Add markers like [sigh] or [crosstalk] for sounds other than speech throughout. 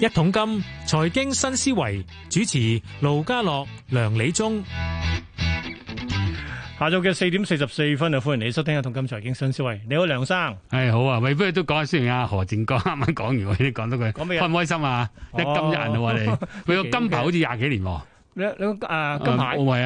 一桶金財經新思維主持盧家樂、梁理中，下晝嘅四點四十四分就歡迎你收聽一桶金財經新思維。你好，梁生，係、哎、好啊，不如都講先。啊。何振光啱啱講完，你講講咩開唔開心啊？一金一銀啊，我哋佢個金牌好似廿幾年喎。你啊，今排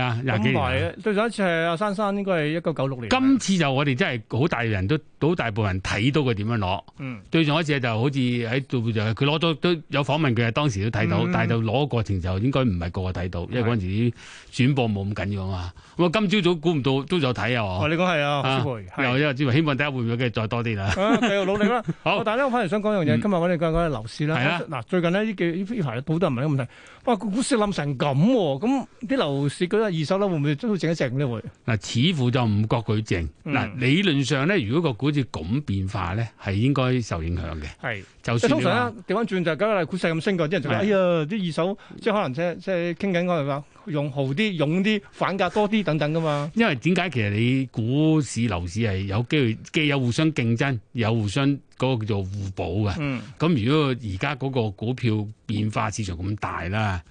啊。對上一次係阿珊珊，應該係一九九六年。今次就我哋真係好大人都好大部分人睇到佢點樣攞。嗯，對上一次就好似喺度佢攞咗都有訪問佢，當時都睇到，但係就攞過程就應該唔係個個睇到，因為嗰陣時轉播冇咁緊要啊嘛。我今朝早估唔到都有睇啊！我你講係啊，希望大家會唔會再多啲啦。繼續努力啦。好，但係咧，我反而想講一樣嘢，今日我哋講一講啲樓市啦。嗱，最近幾呢排好多唔係嘅問題，哇，股市冧成咁喎！咁啲樓市嗰啲二手樓會唔會都淨一靜咧？會嗱，似乎就唔覺佢靜。嗱、嗯。理論上咧，如果個股市咁變化咧，係應該受影響嘅。係是，就算通常啊，調翻轉就咁、是、啦。股市咁升嘅，啲人就話的哎呀，啲二手即係可能即係即係傾緊用豪啲、用啲反價多啲等等噶嘛。因為點解其實你股市樓市係有機會，既有互相競爭，有互相嗰個叫做互補嘅。咁、嗯、如果而家嗰個股票變化市場咁大啦。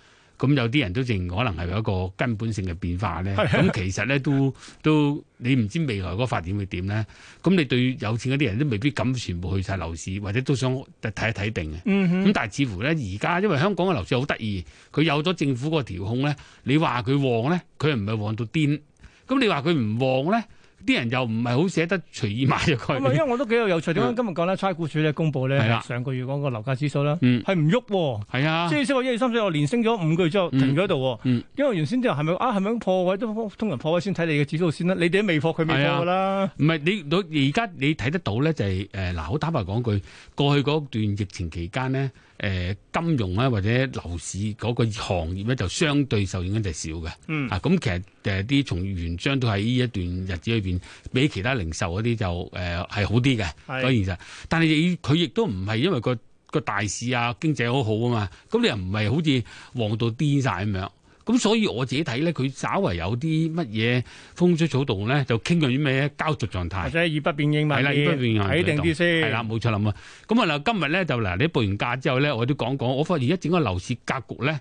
咁有啲人都仍可能係有一個根本性嘅變化咧。咁 [laughs] 其實咧都都你唔知未來個發展會點咧。咁你對有錢嗰啲人都未必敢全部去晒樓市，或者都想睇一睇定嘅。咁、嗯、哼但係似乎咧而家因為香港嘅樓市好得意，佢有咗政府個調控咧，你話佢旺咧，佢又唔係旺到癲。咁你話佢唔旺咧？啲人又唔係好捨得隨意買入佢。咁啊，因為我都幾有有趣。點解今日講咧？差估署咧公佈咧，啊、上個月嗰個樓價指數啦，係唔喐。係啊，即係小個一二三四我連升咗五個月之後停咗喺度。嗯，因為原先之後係咪啊？係咪咁破位通常破位先睇你嘅指數先啦。你哋都未破，佢未破㗎啦。唔係、啊、你而家你睇得到咧、就係，就係誒嗱，好坦白講句，過去嗰段疫情期間呢，誒、呃、金融啊或者樓市嗰個行業咧，就相對受影響就少嘅。咁、嗯啊、其實。誒啲從業員將都喺呢一段日子裏邊，比其他零售嗰啲就誒係、呃、好啲嘅，所以其實。但係佢亦都唔係因為個個大市啊經濟好好啊嘛，咁你又唔係好似旺到癲晒咁樣。咁所以我自己睇咧，佢稍為有啲乜嘢風吹草動咧，就傾向於咩咧膠著狀態，或者以不變應萬變，睇定啲先。係啦，冇錯啦嘛。咁啊嗱，今日咧就嗱，你報完價之後咧，我都講講。我發現而家整個樓市格局咧，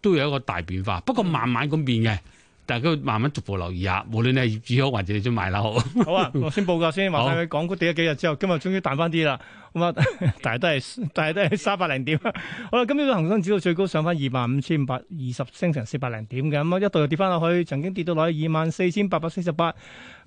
都有一個大變化，不過慢慢咁變嘅。大家佢慢慢逐步留意下，無論你係業主還是是好，或者你想買樓好。好啊，我先報告先說，話下佢港股跌咗幾日之後，今日終於彈翻啲啦。咁、嗯、啊，但係都係，但係都係三百零點。好啦，咁呢個恒生指數最高上翻二萬五千五百二十，升成四百零點嘅。咁啊，一度又跌翻落去，曾經跌到落去二萬四千八百四十八，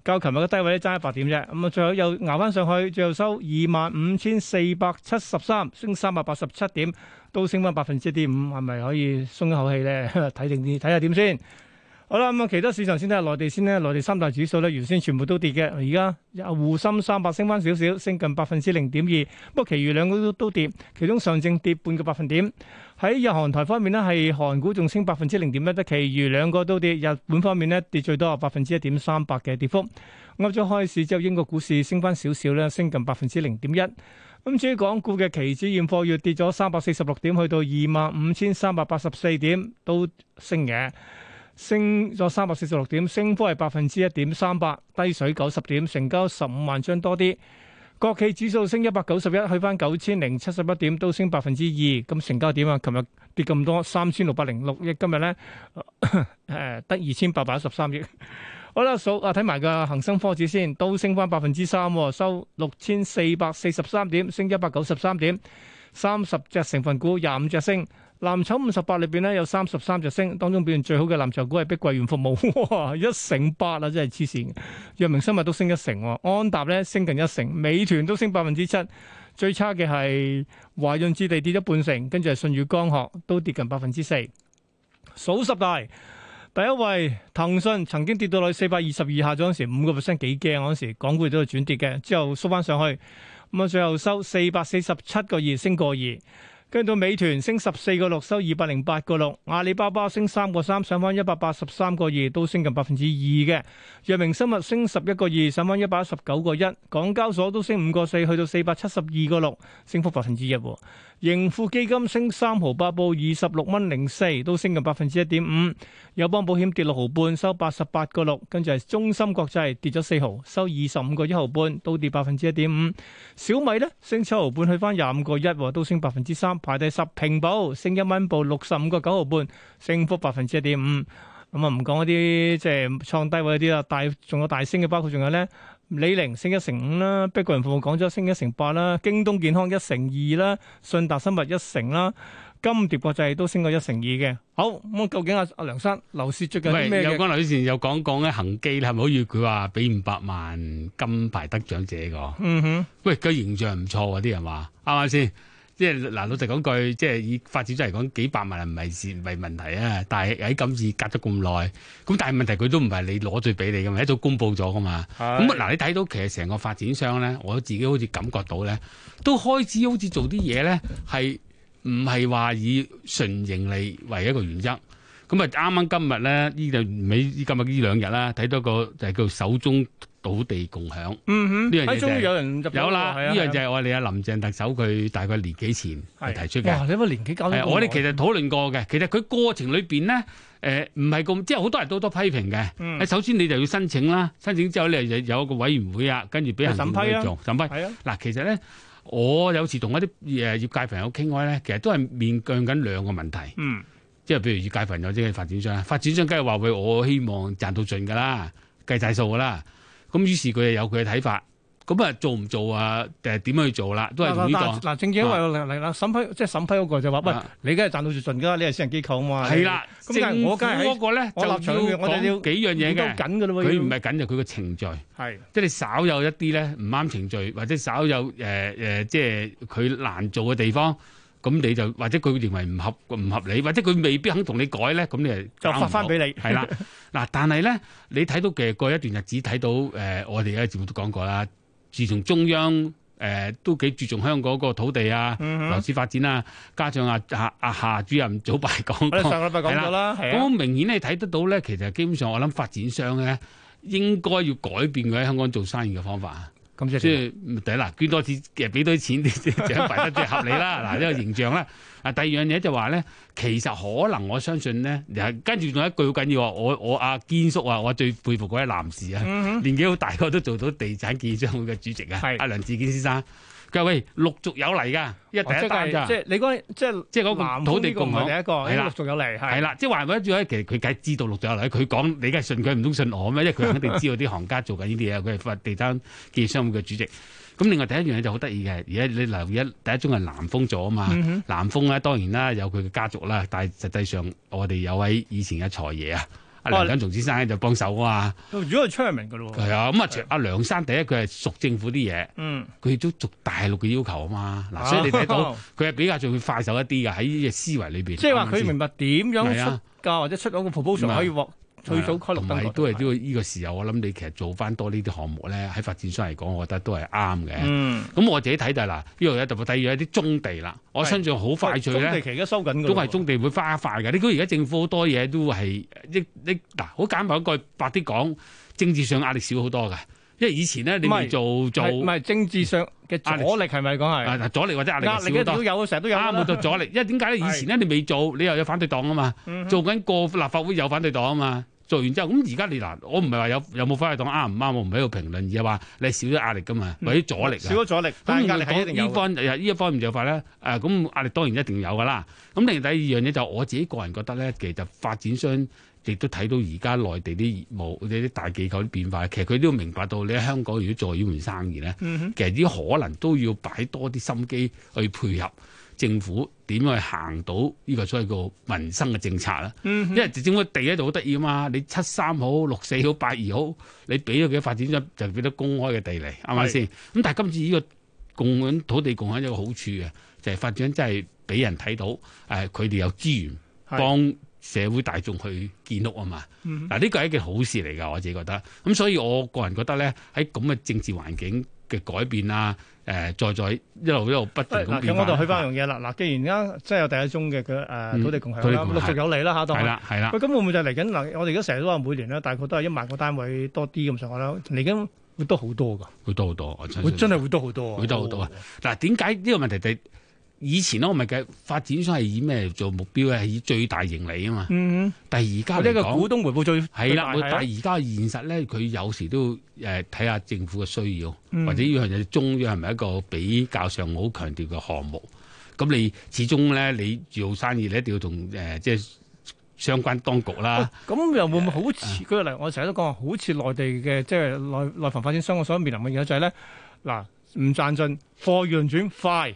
較琴日嘅低位咧，差一百點啫。咁啊，最後又熬翻上去，最後收二萬五千四百七十三，升三百八十七點，都升翻百分之一點五，係咪可以鬆一口氣咧？睇定啲，睇下點先。看好啦，咁啊，其他市場先睇下內地先呢。內地三大指數咧，原先全部都跌嘅，而家滬深三百升翻少少，升近百分之零點二。不過，其餘兩個都都跌，其中上證跌半個百分點。喺日韓台方面呢，係韓股仲升百分之零點一，得，其餘兩個都跌。日本方面呢，跌最多係百分之一點三百嘅跌幅。啱咗開市之後，英國股市升翻少少咧，升近百分之零點一。咁至於港股嘅期指現貨月跌咗三百四十六點，去到二萬五千三百八十四點，都升嘅。升咗三百四十六點，升幅係百分之一點三八，低水九十點，成交十五萬張多啲。國企指數升一百九十一，去翻九千零七十一點，都升百分之二，咁成交點啊？琴日跌咁多，三千六百零六億，今日咧誒得二千八百一十三億。好啦，數啊睇埋個恒生科指先，都升翻百分之三，收六千四百四十三點，升一百九十三點，三十隻成分股廿五隻升。藍籌五十八裏邊咧有三十三隻升，當中表現最好嘅藍籌股係碧桂園服務哇，一成八啊，真係黐線。藥明生物都升一成，安踏咧升近一成，美團都升百分之七。最差嘅係華潤置地跌咗半成，跟住係舜宇光學都跌近百分之四。數十大第一位騰訊曾經跌到去四百二十二，下咗嗰時五個 percent 幾驚，嗰時港股都係轉跌嘅，之後縮翻上去。咁啊，最後收四百四十七個二，升個二。跟到美團升十四個六，收二百零八個六；阿里巴巴升三個三，上翻一百八十三個二，都升近百分之二嘅。藥明生物升十一個二，上翻一百一十九個一。港交所都升五個四，去到四百七十二個六，升幅百分之一。盈富基金升三毫八，報二十六蚊零四，都升近百分之一點五。友邦保險跌六毫半，收八十八個六。跟住係中芯國際跌咗四毫，收二十五個一毫半，都跌百分之一點五。小米呢，升七毫半，去翻廿五個一，都升百分之三。排第十平保，升一蚊報六十五個九毫半，升幅百分之一點五。咁啊唔講一啲即係創低位啲啦，大仲有大升嘅，包括仲有咧，李寧升一成五啦，碧桂園服務廣州升一成八啦，京東健康一成二啦，信達生物一成啦，金蝶國際都升過一成二嘅。好咁究竟阿阿梁生樓市最近咩？有講劉女士又講講咧恒基啦，係咪？好似佢話俾五百萬金牌得獎者個，嗯哼，喂個形象唔錯啊，啲人話啱唔啱先？嗯哼即係嗱，老實講句，即係以發展商嚟講，幾百萬係唔係事唔係問題啊！但係喺今次隔咗咁耐，咁但係問題佢都唔係你攞咗俾你嘅嘛，一早公佈咗嘅嘛。咁嗱的，你睇到其實成個發展商咧，我自己好似感覺到咧，都開始好似做啲嘢咧，係唔係話以純盈利為一個原則？咁啊，啱啱今日咧，依就尾今日呢兩日啦，睇到一個就係叫首宗。土地共享，呢樣嘢終於有人有啦。呢樣就係我哋阿林鄭特首佢大概年幾前，啊、提出嘅。哇！你話年幾搞？我哋其實討論過嘅。其實佢過程裏邊咧，誒唔係咁，即係好多人都多批評嘅。嗯、首先你就要申請啦，申請之後你就有一個委員會啊，跟住俾人審批審批。嗱、啊，其實咧，我有時同一啲誒業界朋友傾開咧，其實都係面對緊兩個問題。嗯、即係譬如業界朋友啲，即係、發展商，發展商梗係話喂，我希望賺到盡噶啦，計晒數噶啦。咁於是佢又有佢嘅睇法，咁啊做唔做啊？定係點樣去做啦、啊？都係呢、這個。嗱、啊，正正因為嚟啦審批，即係審批嗰個就話：喂、啊，你梗係賺到最盡㗎，你係私人機構啊嘛。係啦的，咁我而家喺嗰個咧，就要講幾樣嘢嘅。緊㗎啦佢唔係緊就佢個程序，係的即係你稍有一啲咧唔啱程序，或者稍有誒誒、呃呃，即係佢難做嘅地方。咁你就或者佢認為唔合唔合理，或者佢未必肯同你改咧，咁你又就，就發翻俾你係啦。嗱， [laughs] 但係咧，你睇到嘅過一段日子，睇到誒，我哋而家節目都講過啦。自從中央誒、呃、都幾注重香港個土地啊、樓市、嗯、哼發展啊，加上阿阿阿夏主任早排講過，上個禮拜講到啦，咁的的明顯你睇得到咧，其實基本上我諗發展商咧應該要改變佢喺香港做生意嘅方法啊。所以唔抵啦捐多啲，其實俾多啲錢，就係覺得即係合理啦。嗱，呢個形象啦。第二樣嘢就話咧，其實可能我相信咧，跟住仲有一句好緊要話，我我阿堅叔啊，我最佩服嗰位男士啊，嗯、哼年紀好大，個都做到地產建商會嘅主席啊，阿是梁志堅先生，佢話喂，陸續有嚟噶，一第一單、哦、即係你即係即係嗰、那個、這個、土地共享第一個係啦，陸續有嚟係啦，即係話唔緊住，其實佢梗係知道陸續有嚟，佢講你梗係信佢，唔通信我咩？因為佢肯定知道啲行家做緊呢啲嘢，佢係 [laughs] 地產建商會嘅主席。咁另外第一樣嘢就好得意嘅，而家你留意一第一種係南豐咗啊嘛，嗯、哼南豐咧當然啦有佢嘅家族啦，但係實際上我哋有位以前嘅財爺啊，阿對、啊、梁錦松先生咧就幫手啊嘛。如果係 chairman 嘅咯。係啊，咁啊，阿梁生第一佢係熟政府啲嘢，嗯，佢都熟大陸嘅要求啊嘛，嗱、啊，所以你睇到佢係比較仲會快手一啲嘅喺呢嘅思維裏面。即係話佢明白點樣出價、啊、或者出嗰個 proposal,、啊、 可以獲。了最早開落燈，都係呢個呢個時候。我諗你其實做翻多呢啲項目咧，喺發展商嚟講，我覺得都係啱嘅。咁、嗯、我自己睇就係啦，呢因為就特睇住。一啲中地啦，我相信好快脆咧，都係中地，其實收緊，都係中地會花快嘅。你估而家政府好多嘢都係，你你嗱，好簡白一句，白啲講，政治上壓力少好多嘅。因為以前咧，你未做做，唔係政治上嘅阻力係咪講係？阻力或者壓力少咗好多，都有，成日都有啊。冇咗、啊啊、阻力，因為點解咧？以前咧，你未做，對你又有反對黨啊嘛。嗯、哼做緊個立法會有反對黨啊嘛。做完之後，咁而家你嗱，我唔係話有有冇反對黨啱唔啱，我唔喺度評論，而係話你少咗壓力噶嘛，嗯、或者阻力、嗯、少咗阻力。咁而家講呢方呢一方面做法咧，誒、啊，咁壓力當然一定有噶啦。咁另第二樣嘢就是我自己個人覺得咧，其實發展商。亦都睇到而家內地啲業務，或啲大機構啲變化，其實佢都要明白到你喺香港如果做呢門生意咧，嗯、哼其實啲可能都要擺多啲心機去配合政府點去行到呢個所謂個民生嘅政策啦。嗯、哼因為政府個地喺度好得意啊嘛，你七三好、六四好、八二好，你俾咗幾多發展咗，就幾多公開嘅地嚟，係咪先？咁但係今次呢個共享土地共享有一個好處嘅就係發展真係俾人睇到，誒佢哋有資源幫社會大眾去建屋啊嘛，嗱呢個係一件好事嚟㗎，我自己覺得。咁、嗯、所以我個人覺得咧，喺咁嘅政治環境嘅改變啦、啊，誒、呃、再再一路一路不斷咁變。咁我就去翻樣嘢啦。嗱是，既然而家真係有第一宗嘅嘅誒土地共享啦，陸續有嚟啦嚇，當係啦係啦。喂，咁、哎、會唔會就嚟緊嗱？我哋而家成日都話每年咧大概都係一萬個單位多啲咁上下啦，嚟緊會，會多好多㗎？會多好多，我真係會，會多好多。會多好多啊！嗱會多、哦，點解呢個問題就？以前咯，我咪計發展商係以咩做目標咧？係以最大盈利啊嘛。嗯嗯。但係而家呢講，個股東回報最係啦。的的但係而家現實咧，佢的有時都誒睇下政府嘅需要，嗯、或者呢樣嘢中央係咪一個比較上好強調嘅項目？咁你始終咧，你做生意你一定要同誒即係相關當局啦。咁、哦、又會唔會好似嗰、呃、個例？我成日都講好似內地嘅，即、就、係、是、內內房發展商，我所面臨嘅嘢就係咧嗱，唔賺盡貨源轉快。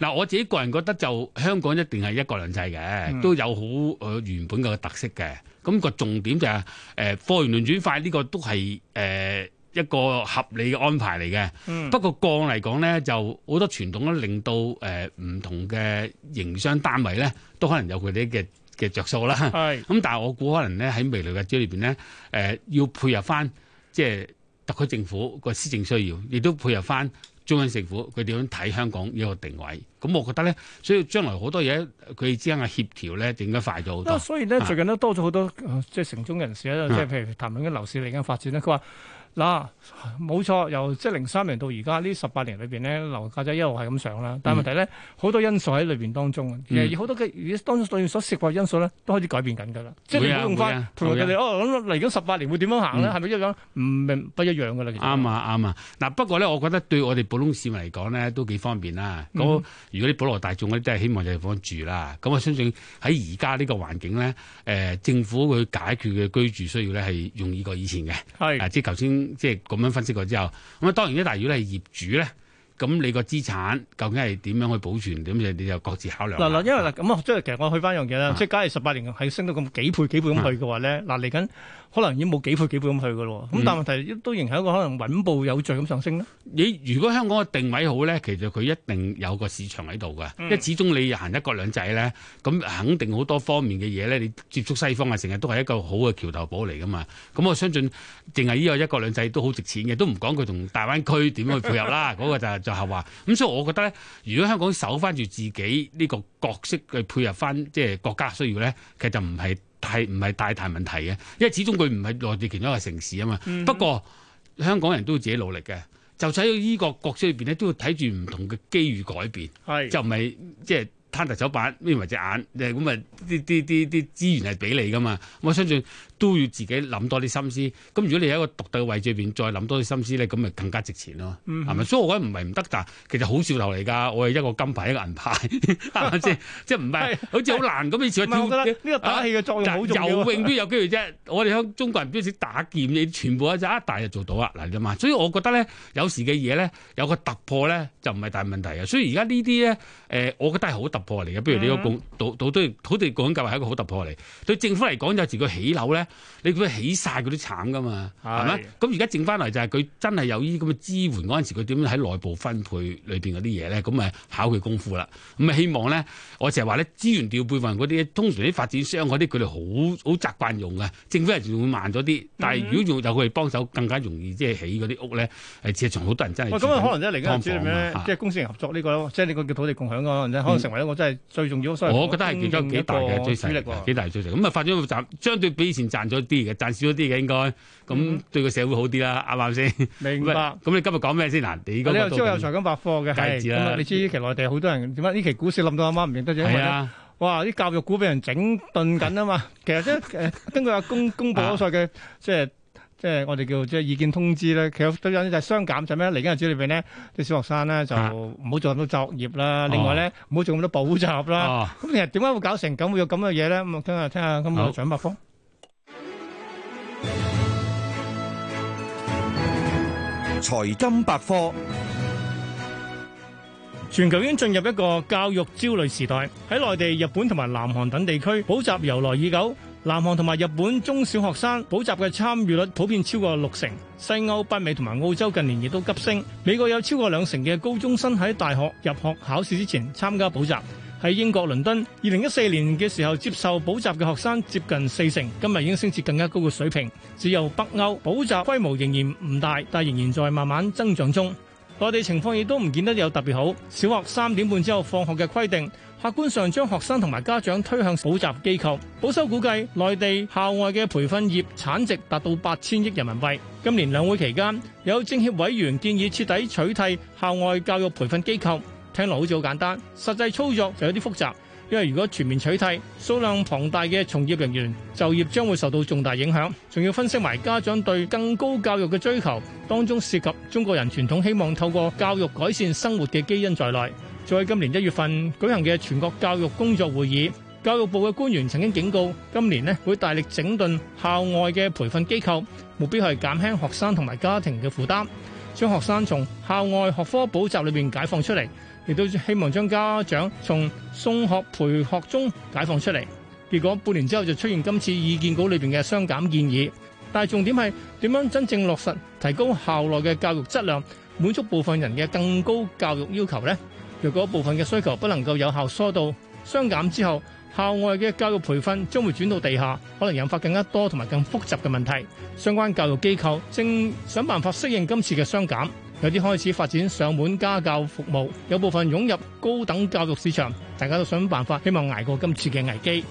嗱，我自己個人覺得就香港一定係一國兩制嘅，都有好誒原本嘅特色嘅。咁、那個重點就係、是、誒貨源輪轉快呢個都係誒、呃、一個合理嘅安排嚟嘅。嗯、不過降嚟講咧，就好多傳統咧令到誒唔、呃、同嘅營商單位咧都可能有佢哋嘅嘅著數啦。咁是但係我估可能咧，喺未來嘅招裏邊咧誒要配合翻即係特區政府個施政需要，亦都配合翻。中央政府佢點樣睇香港呢個定位？咁我覺得咧，所以將來好多嘢佢哋之間嘅協調咧，應該快咗好多。所以咧，最近都多咗好多即係城中人士喺度，即係譬如談論緊樓市嚟緊發展咧，佢話。嗱，冇、啊、錯，由即係零三年到而家呢十八年裏邊呢，樓價仔一路係咁上啦。但係問題咧，好、嗯、多因素喺裏邊當中，嗯、其好多嘅，當對所涉及因素咧，都開始改變緊㗎啦。係啊用啊，用啊同埋哋、啊、哦，嚟緊十八年會點樣行咧？係咪、嗯、一樣唔唔不一樣㗎啦？啱啊啱啊！嗱、啊，不過咧，我覺得對我哋普通市民嚟講咧，都幾方便啦。咁、嗯、如果啲普羅大眾嗰啲都係希望有地方住啦。咁我相信喺而家呢個環境咧，誒、呃、政府去解決嘅居住需要咧，係容易過以前嘅。係是、啊、即係頭先。即係咁樣分析過之後，咁啊當然一大如果係業主咧。咁你個資產究竟係點樣去保存？點你你又各自考量。嗱嗱，因為嗱咁啊，即係、嗯、其實我去翻樣嘢啦，即係、嗯、假如十八年係升到咁幾倍幾倍咁去嘅話咧，嗱嚟緊可能已經冇幾倍幾倍咁去嘅咯。咁、嗯、但係問題都仍係一個可能穩步有序咁上升咯。你如果香港嘅定位好咧，其實佢一定有個市場喺度嘅，一、嗯、始終你行一國兩制咧，咁肯定好多方面嘅嘢咧，你接觸西方啊，成日都係一個好嘅橋頭堡嚟嘅嘛。咁我相信，淨係呢個一國兩制都好值錢嘅，都唔講佢同大灣區點去配合啦。嗰 [laughs] 個就係就係話，咁所以我覺得咧，如果香港守翻住自己呢個角色去配合翻即係國家需要咧，其實就唔係太唔係大大問題嘅，因為始終佢唔係內地其中一個城市啊嘛。嗯、哼不過香港人都要自己努力嘅，就喺呢個角色裏邊咧，都要睇住唔同嘅機遇改變，是就唔係即係。就是攤大手板，孭埋隻眼，咁啊！啲啲啲啲資源係俾你㗎嘛，我相信都要自己諗多啲心思。咁如果你喺一個獨特嘅位置入邊再諗多啲心思咧，咁咪更加值錢咯，係咪、嗯？所以我覺得唔係唔得，但其實好少流嚟㗎。我係一個金牌，一個銀牌，即係唔係？是是是好似好難咁，好似跳我覺得呢個打氣嘅作用好重要的、啊。游泳都有機會啫？ [laughs] 我哋香中國人表示打劍你全部一一打就做到啊！嗱嚟㗎嘛。所以我覺得咧，有時嘅嘢咧，有個突破咧，就唔係大問題啊。所以而家呢啲咧，誒、呃，我覺得係好突破。突破嚟嘅，嗯、不如你個土土地土地共享係一個好突破嚟。對政府嚟講，有時佢起樓咧，你佢起晒佢都慘噶嘛，係咪？咁而家剩翻嚟就係佢真係有依咁嘅支援嗰陣時，佢點樣喺內部分配裏邊嗰啲嘢咧？咁咪考佢功夫啦。咁咪希望咧，我成日話咧，資源調配份嗰啲，通常啲發展商嗰啲佢哋好好習慣用嘅，政府人仲會慢咗啲。但係如果用有佢哋幫手，更加容易即係起嗰啲屋咧，係事實上好多人真係。哇、嗯！咁啊、嗯，可能嚟緊咧，即係咩？即係公私合作呢個，即係呢個叫土地共享啊，可能成為一個。我真係最重要，所以我，我覺得係其中幾大嘅，最犀利幾大最力。咁啊，發咗賺，相對比以前賺咗啲嘅，賺少咗啲嘅應該。咁對個社會好啲啦，啱唔啱先？吧明白。咁你今日講咩先嗱？你嗰度、啊、有財金百科嘅。係、啊嗯。你知呢期內地好多人點解？呢期股市冧到阿媽唔認得啫。係啊！哇！啲教育股俾人整頓緊啊嘛。 [laughs] 其實即、就、係、是、根據阿公公佈嗰個嘅即係。啊即係我哋叫即係意見通知咧，其實都有啲就係雙減，就咩嚟緊日子裏邊咧，啲小學生咧就唔好做咁多作業啦，另外咧唔好做咁多補習啦。咁其實點解會搞成咁，會有咁嘅嘢咧？咁啊，聽下聽下，咁啊，長白峯財金百科，全球已經進入一個教育焦慮時代。喺內地、日本同埋南韓等地區，補習由來已久。南韓同埋日本中小學生補習嘅參與率普遍超過六成，西歐、北美同埋澳洲近年亦都急升。美國有超過兩成嘅高中生喺大學入學考試之前參加補習。喺英國倫敦，二零一四年嘅時候接受補習嘅學生接近四成，今日已經升至更加高嘅水平。只有北歐補習規模仍然唔大，但仍然在慢慢增長中。內地情況亦都唔見得有特別好。小學三點半之後放學嘅規定，客觀上將學生同埋家長推向補習機構，保守估計內地校外嘅培訓業產值達到八千億人民幣。今年兩會期間，有政協委員建議徹底取締校外教育培訓機構，聽落好似好簡單，實際操作就有啲複雜，因為如果全面取締，數量龐大嘅從業人員就業將會受到重大影響。仲要分析埋家長對更高教育嘅追求，當中涉及中國人傳統希望透過教育改善生活嘅基因在內。在今年一月份舉行嘅全國教育工作會議，教育部嘅官員曾經警告，今年呢會大力整頓校外嘅培訓機構，目標係減輕學生同埋家庭嘅負擔，將學生從校外學科補習裏面解放出嚟，亦都希望將家長從送學陪學中解放出嚟。結果半年之後就出現今次意見稿裏邊嘅雙減建議，但係重點係點樣真正落實提高校內嘅教育質量，滿足部分人嘅更高教育要求呢。若果部分嘅需求不能夠有效疏導，雙減之後校外嘅教育培訓將會轉到地下，可能引發更加多同埋更複雜嘅問題，相關教育機構正想辦法適應今次嘅雙減，有啲開始發展上門家教服務，有部分湧入高等教育市場，大家都想辦法希望捱過今次嘅危機。